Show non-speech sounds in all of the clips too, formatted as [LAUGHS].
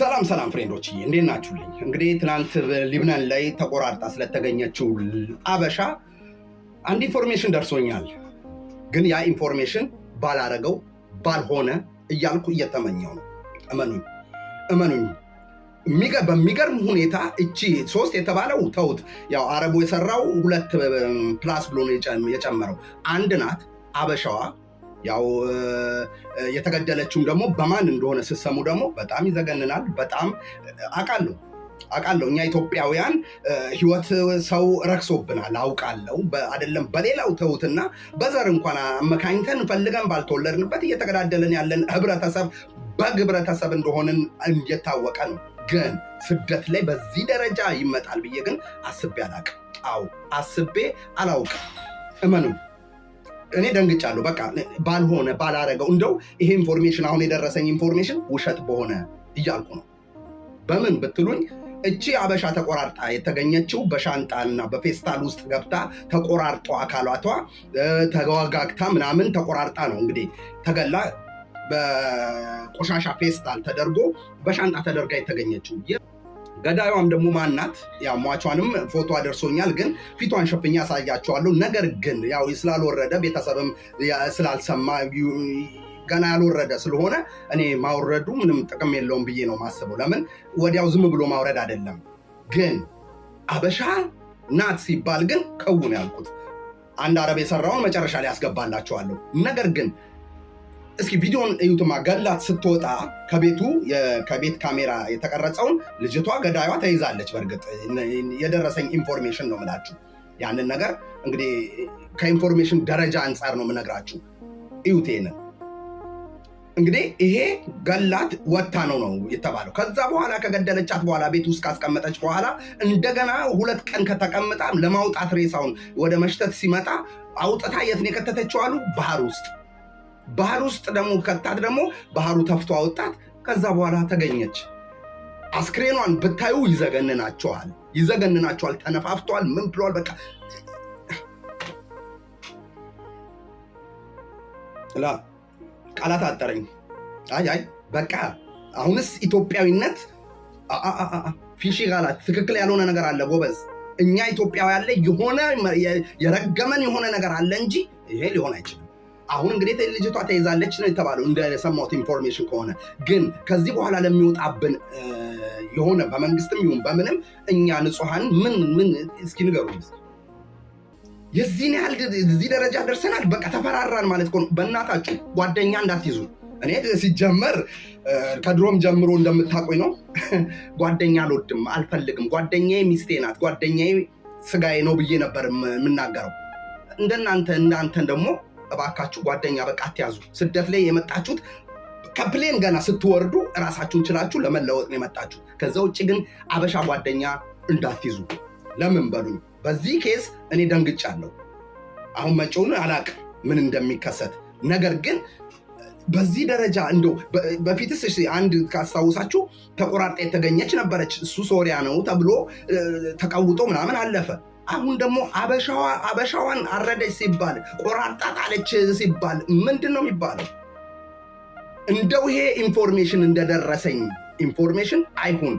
ሰላም ሰላም ፍሬንዶች እንዴት ናችሁልኝ? እንግዲህ ትናንት ሊብነን ላይ ተቆራርጣ ስለተገኘችው አበሻ አንድ ኢንፎርሜሽን ደርሶኛል። ግን ያ ኢንፎርሜሽን ባላረገው ባልሆነ እያልኩ እየተመኘው ነው። እመኑኝ እመኑኝ። በሚገርም ሁኔታ እቺ ሶስት የተባለው ተውት፣ ያው አረቡ የሰራው ሁለት ፕላስ ብሎ የጨመረው አንድ ናት አበሻዋ ያው የተገደለችውም ደግሞ በማን እንደሆነ ስሰሙ ደግሞ በጣም ይዘገንናል። በጣም አቃለሁ አቃለሁ እኛ ኢትዮጵያውያን ህይወት ሰው ረክሶብናል። አውቃለሁ አይደለም በሌላው ተውትና በዘር እንኳን አመካኝተን ፈልገን ባልተወለድንበት እየተገዳደለን ያለን ህብረተሰብ በግብረተሰብ እንደሆንን እየታወቀ ነው። ግን ስደት ላይ በዚህ ደረጃ ይመጣል ብዬ ግን አስቤ አላውቅም። አዎ አስቤ አላውቅም። እመኑ። እኔ ደንግጫለሁ። በቃ ባልሆነ ባላረገው እንደው ይሄ ኢንፎርሜሽን አሁን የደረሰኝ ኢንፎርሜሽን ውሸት በሆነ እያልኩ ነው። በምን ብትሉኝ እቺ አበሻ ተቆራርጣ የተገኘችው በሻንጣና በፌስታል ውስጥ ገብታ ተቆራርጦ አካላቷ ተዋጋግታ ምናምን ተቆራርጣ ነው እንግዲህ ተገላ በቆሻሻ ፌስታል ተደርጎ በሻንጣ ተደርጋ የተገኘችው ገዳዩም ደግሞ ማናት? ያው ሟቿንም ፎቶ አደርሶኛል፣ ግን ፊቷን ሸፍኛ ያሳያቸዋለሁ። ነገር ግን ያው ስላልወረደ ቤተሰብም ስላልሰማ ገና ያልወረደ ስለሆነ እኔ ማውረዱ ምንም ጥቅም የለውም ብዬ ነው ማስበው። ለምን ወዲያው ዝም ብሎ ማውረድ አይደለም። ግን አበሻ ናት ሲባል ግን ከውን ያልኩት አንድ አረብ የሰራውን መጨረሻ ላይ ያስገባላቸዋለሁ። ነገር ግን እስኪ ቪዲዮን እዩትማ። ገላት ስትወጣ ከቤቱ ከቤት ካሜራ የተቀረጸውን ልጅቷ ገዳዩ ተይዛለች። በእርግጥ የደረሰኝ ኢንፎርሜሽን ነው ምላችሁ ያንን ነገር እንግዲህ ከኢንፎርሜሽን ደረጃ አንጻር ነው የምነግራችሁ። እዩት እንግዲህ ይሄ ገላት ወታ ነው ነው የተባለው። ከዛ በኋላ ከገደለቻት በኋላ ቤት ውስጥ ካስቀመጠች በኋላ እንደገና ሁለት ቀን ከተቀምጣ ለማውጣት ሬሳውን ወደ መሽተት ሲመጣ አውጥታ የትን የከተተችዋሉ ባህር ውስጥ ባህር ውስጥ ደግሞ ከታት ደግሞ ባህሩ ተፍቶ አወጣት። ከዛ በኋላ ተገኘች። አስክሬኗን ብታዩ ይዘገንናቸዋል፣ ይዘገንናቸዋል። ተነፋፍተዋል። ምን ብለዋል? በቃ ላ ቃላት አጠረኝ። አይ አይ በቃ አሁንስ ኢትዮጵያዊነት ፊሺ ቃላት ትክክል ያልሆነ ነገር አለ ጎበዝ። እኛ ኢትዮጵያዊ ያለ የሆነ የረገመን የሆነ ነገር አለ እንጂ ይሄ ሊሆን አይችልም። አሁን እንግዲህ ልጅቷ ተይዛለች ነው የተባለው እንደሰማሁት ኢንፎርሜሽን ከሆነ ግን ከዚህ በኋላ ለሚወጣብን የሆነ በመንግስትም ይሁን በምንም እኛ ንጹሐን ምን ምን እስኪ ንገሩ የዚህን ያህል እዚህ ደረጃ ደርሰናል። በቃ ተፈራራን ማለት ነው። በእናታችሁ ጓደኛ እንዳትይዙ። እኔ ሲጀመር ከድሮም ጀምሮ እንደምታቆኝ ነው። [LAUGHS] ጓደኛ አልወድም፣ አልፈልግም። ጓደኛ ሚስቴ ናት፣ ስጋዬ ነው ብዬ ነበር የምናገረው። እንደናንተ እናንተን ደግሞ እባካችሁ ጓደኛ በቃ አትያዙ። ስደት ላይ የመጣችሁት ከፕሌን ገና ስትወርዱ እራሳችሁን ችላችሁ ለመለወጥ ነው የመጣችሁ። ከዛ ውጭ ግን አበሻ ጓደኛ እንዳትይዙ። ለምን በሉኝ፣ በዚህ ኬስ እኔ ደንግጫለሁ። አሁን መጪውን አላቅ ምን እንደሚከሰት ነገር ግን በዚህ ደረጃ እንደው በፊትስ አንድ ካስታውሳችሁ ተቆራርጣ የተገኘች ነበረች። እሱ ሶሪያ ነው ተብሎ ተቀውጦ ምናምን አለፈ። አሁን ደግሞ አበሻዋን አረደች ሲባል ቆራርጣ ጣለች ሲባል ምንድን ነው የሚባለው? እንደው ይሄ ኢንፎርሜሽን እንደደረሰኝ ኢንፎርሜሽን አይሁን፣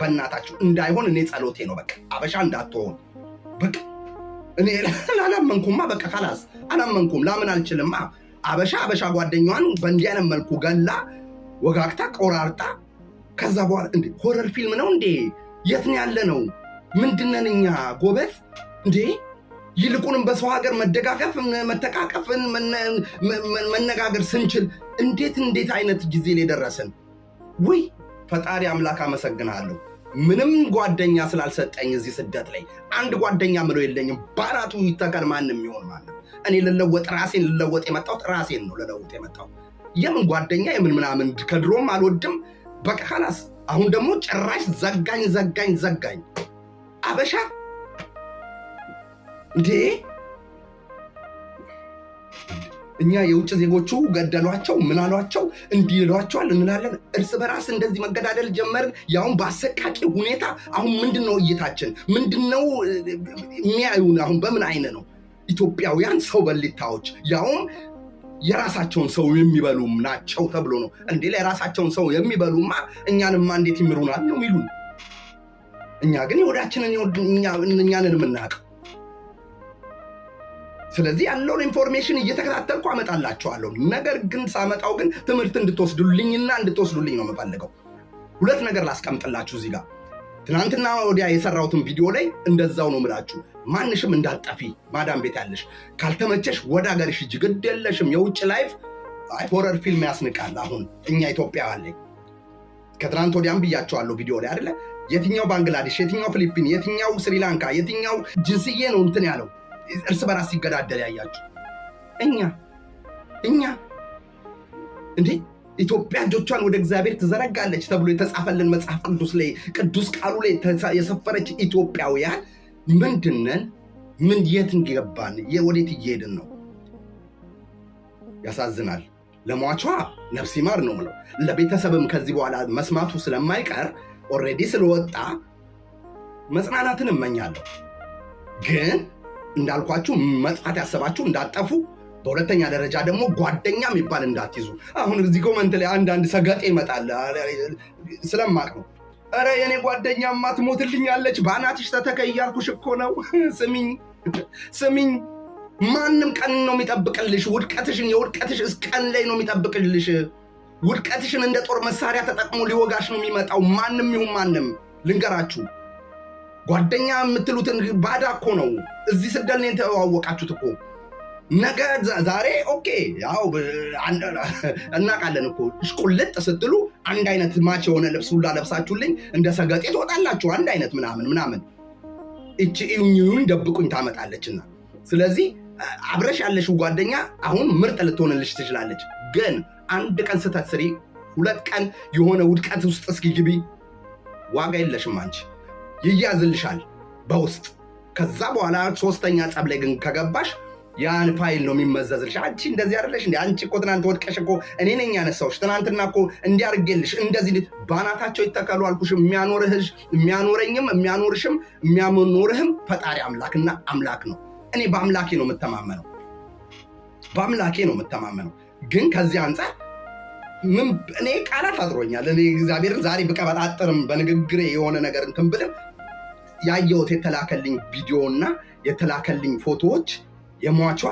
በእናታችሁ እንዳይሆን እኔ ጸሎቴ ነው። በቃ አበሻ እንዳትሆን በቃ እኔ አላመንኩማ። በቃ ካላስ አላመንኩም፣ ላምን አልችልማ። አበሻ አበሻ ጓደኛዋን በእንዲህ አይነት መልኩ ገላ ወጋግታ ቆራርጣ ከዛ በኋላ ሆረር ፊልም ነው እንዴ? የት ነው ያለ ነው ምንድነን እኛ ጎበዝ እንዴ? ይልቁንም በሰው ሀገር መደጋገፍ መተቃቀፍን መነጋገር ስንችል እንዴት እንዴት አይነት ጊዜ ላይ ደረስን? ውይ ፈጣሪ አምላክ አመሰግናለሁ። ምንም ጓደኛ ስላልሰጠኝ እዚህ ስደት ላይ አንድ ጓደኛ ምለው የለኝም። ባራቱ ይተካል ማንም ይሆን ማለት እኔ ልለወጥ ራሴን ልለወጥ የመጣሁት ራሴን ነው ልለውጥ የመጣው የምን ጓደኛ የምን ምናምን ከድሮም አልወድም። በቃ ካላስ አሁን ደግሞ ጭራሽ ዘጋኝ ዘጋኝ ዘጋኝ። አበሻ እንዴ! እኛ የውጭ ዜጎቹ ገደሏቸው ምናሏቸው እንዲሏቸዋል እንላለን። እርስ በራስ እንደዚህ መገዳደል ጀመርን፣ ያሁን በአሰቃቂ ሁኔታ። አሁን ምንድን ነው እይታችን? ምንድን ነው የሚያዩን? አሁን በምን አይነ ነው ኢትዮጵያውያን ሰው በሊታዎች ያውም የራሳቸውን ሰው የሚበሉም ናቸው ተብሎ ነው እንዴ? ለራሳቸውን ሰው የሚበሉማ እኛንማ እንዴት ይምሩናል ነው የሚሉን። እኛ ግን የወዳችንን እኛንን የምናውቅ ስለዚህ ያለውን ኢንፎርሜሽን እየተከታተልኩ አመጣላችኋለሁ። ነገር ግን ሳመጣው ግን ትምህርት እንድትወስዱልኝና እንድትወስዱልኝ ነው የምፈልገው። ሁለት ነገር ላስቀምጥላችሁ እዚህ ጋር ትናንትና ወዲያ የሰራሁትን ቪዲዮ ላይ እንደዛው ነው ምላችሁ። ማንሽም እንዳትጠፊ ማዳም ቤት ያለሽ ካልተመቸሽ ወደ ሀገርሽ ሂጂ፣ ግድ የለሽም። የውጭ ላይፍ ሆረር ፊልም ያስንቃል። አሁን እኛ ኢትዮጵያ አለኝ ከትናንት ወዲያም ብያቸዋለሁ ቪዲዮ ላይ አይደለ? የትኛው ባንግላዴሽ፣ የትኛው ፊሊፒን፣ የትኛው ስሪላንካ፣ የትኛው ጅንስዬ ነው እንትን ያለው እርስ በራስ ሲገዳደል ያያችሁ እኛ እኛ እንዴ ኢትዮጵያ እጆቿን ወደ እግዚአብሔር ትዘረጋለች ተብሎ የተጻፈልን መጽሐፍ ቅዱስ ላይ ቅዱስ ቃሉ ላይ የሰፈረች ኢትዮጵያውያን ምንድነን? ምን የት እንገባን? ወዴት እየሄድን ነው? ያሳዝናል። ለሟቿ ነፍስ ይማር ነው ምለው። ለቤተሰብም ከዚህ በኋላ መስማቱ ስለማይቀር ኦሬዲ ስለወጣ መጽናናትን እመኛለሁ። ግን እንዳልኳችሁ መጥፋት ያሰባችሁ እንዳጠፉ፣ በሁለተኛ ደረጃ ደግሞ ጓደኛ የሚባል እንዳትይዙ። አሁን እዚህ ኮመንት ላይ አንዳንድ ሰገጤ ይመጣል ስለማቅ ነው። ረ የኔ ጓደኛ ማትሞትልኛለች በአናትሽ ተተከይ እያልኩሽ እኮ ነው። ስሚኝ ስሚኝ ማንም ቀን ነው የሚጠብቅልሽ። ውድቀትሽን የውድቀትሽ እስቀን ላይ ነው የሚጠብቅልሽ። ውድቀትሽን እንደ ጦር መሳሪያ ተጠቅሞ ሊወጋሽ ነው የሚመጣው። ማንም ይሁን ማንም ልንገራችሁ፣ ጓደኛ የምትሉትን ባዳ እኮ ነው። እዚህ ስደል ነው የተዋወቃችሁት እኮ ነገ ዛሬ ኦኬ፣ ያው [LAUGHS] እናውቃለን እኮ እሽቁልጥ ስትሉ አንድ አይነት ማች የሆነ ልብስ ሁላ ለብሳችሁልኝ እንደ ሰገጤ ትወጣላችሁ። አንድ አይነት ምናምን ምናምን፣ እቺ እዩኝ ደብቁኝ ታመጣለችና ስለዚህ አብረሽ ያለሽው ጓደኛ አሁን ምርጥ ልትሆንልሽ ትችላለች። ግን አንድ ቀን ስህተት ስሪ፣ ሁለት ቀን የሆነ ውድቀት ውስጥ እስኪ ግቢ፣ ዋጋ የለሽም አንቺ፣ ይያዝልሻል በውስጥ ከዛ በኋላ ሶስተኛ ጸብ ላይ ግን ከገባሽ ያን ፋይል ነው የሚመዘዝልሽ። አንቺ እንደዚህ አይደለሽ እንዴ? አንቺ እኮ ትናንት ወድቀሽ እኮ እኔ ነኝ ያነሳሁሽ። ትናንትና እኮ እንዲያርጌልሽ እንደዚህ ባናታቸው ይተከሉ አልኩሽ። የሚያኖርህሽ የሚያኖረኝም የሚያኖርሽም የሚያኖርህም ፈጣሪ አምላክና አምላክ ነው። እኔ በአምላኬ ነው የምተማመነው፣ በአምላኬ ነው የምተማመነው። ግን ከዚህ አንጻር ምን እኔ ቃላት አጥሮኛል። እኔ እግዚአብሔር ዛሬ ብቀበጣጥርም በንግግሬ የሆነ ነገር እንትን ብልም ያየሁት የተላከልኝ ቪዲዮ እና የተላከልኝ ፎቶዎች የሟቿ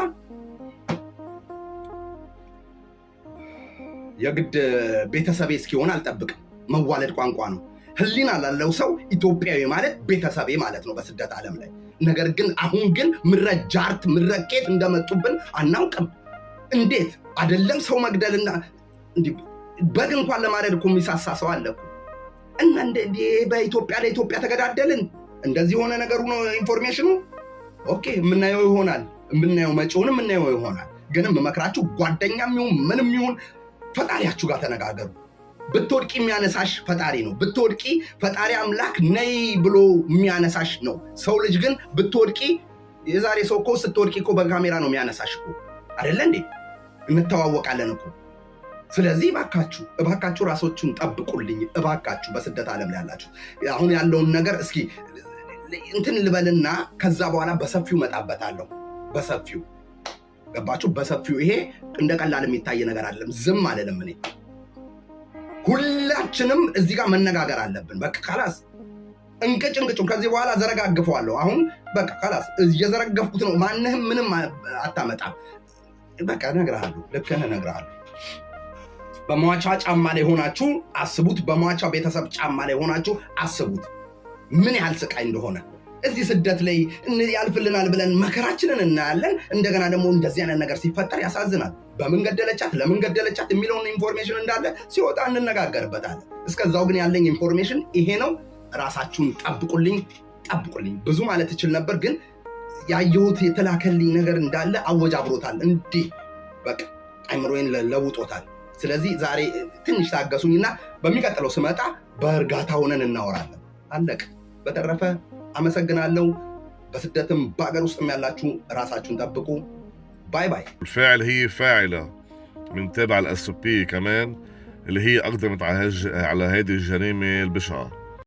የግድ ቤተሰቤ እስኪሆን አልጠብቅም። መዋለድ ቋንቋ ነው። ህሊና ላለው ሰው ኢትዮጵያዊ ማለት ቤተሰቤ ማለት ነው በስደት ዓለም ላይ ነገር ግን አሁን ግን ምረ ጃርት ምረ እንደመጡብን አናውቅም። እንዴት አይደለም ሰው መግደልና በግ እንኳን ለማረድ እኮ የሚሳሳ ሰው አለ እና በኢትዮጵያ ለኢትዮጵያ ተገዳደልን እንደዚህ የሆነ ነገሩ ነው ኢንፎርሜሽኑ። ኦኬ የምናየው ይሆናል የምናየው መጪውን የምናየው ይሆናል። ግን መክራችሁ ጓደኛም ይሁን ምንም ይሁን ፈጣሪያችሁ ጋር ተነጋገሩ። ብትወድቂ የሚያነሳሽ ፈጣሪ ነው። ብትወድቂ ፈጣሪ አምላክ ነይ ብሎ የሚያነሳሽ ነው። ሰው ልጅ ግን ብትወድቂ የዛሬ ሰው እኮ ስትወድቂ እኮ በካሜራ ነው የሚያነሳሽ እኮ አደለ እንዴ? እንተዋወቃለን እኮ። ስለዚህ እባካችሁ እባካችሁ ራሶችን ጠብቁልኝ እባካችሁ፣ በስደት ዓለም ላይ ያላችሁ አሁን ያለውን ነገር እስኪ እንትን ልበልና ከዛ በኋላ በሰፊው እመጣበታለሁ። በሰፊው ገባችሁ? በሰፊው ይሄ እንደ ቀላል የሚታይ ነገር አይደለም። ዝም አልልም እኔ። ሁላችንም እዚህ ጋር መነጋገር አለብን። በቃ ካላስ እንቅጭ እንቅጩ ከዚህ በኋላ ዘረጋግፈዋለሁ። አሁን በቃ ካላስ እየዘረገፍኩት ነው። ማንህም ምንም አታመጣም። በቃ እነግርሃለሁ፣ ልክህን እነግርሃለሁ። በሟቻ ጫማ ላይ ሆናችሁ አስቡት። በሟቻ ቤተሰብ ጫማ ላይ ሆናችሁ አስቡት ምን ያህል ስቃይ እንደሆነ እዚህ ስደት ላይ ያልፍልናል ብለን መከራችንን እናያለን። እንደገና ደግሞ እንደዚህ አይነት ነገር ሲፈጠር ያሳዝናል። በምን ገደለቻት፣ ለምን ገደለቻት የሚለውን ኢንፎርሜሽን እንዳለ ሲወጣ እንነጋገርበታለን። እስከዛው ግን ያለኝ ኢንፎርሜሽን ይሄ ነው። ራሳችሁን ጠብቁልኝ፣ ጠብቁልኝ። ብዙ ማለት እችል ነበር፣ ግን ያየሁት የተላከልኝ ነገር እንዳለ አወጃብሮታል። እንዲህ በቃ አይምሮዬን ለውጦታል። ስለዚህ ዛሬ ትንሽ ታገሱኝና በሚቀጥለው ስመጣ በእርጋታ ሆነን እናወራለን። አለቅ በተረፈ አመሰግናለሁ። በስደትም በአገር ውስጥም ያላችሁ ራሳችሁን ጠብቁ። هي فاعلة من تابع الاس كمان اللي هي أقدمت على على هذه الجريمة البشعة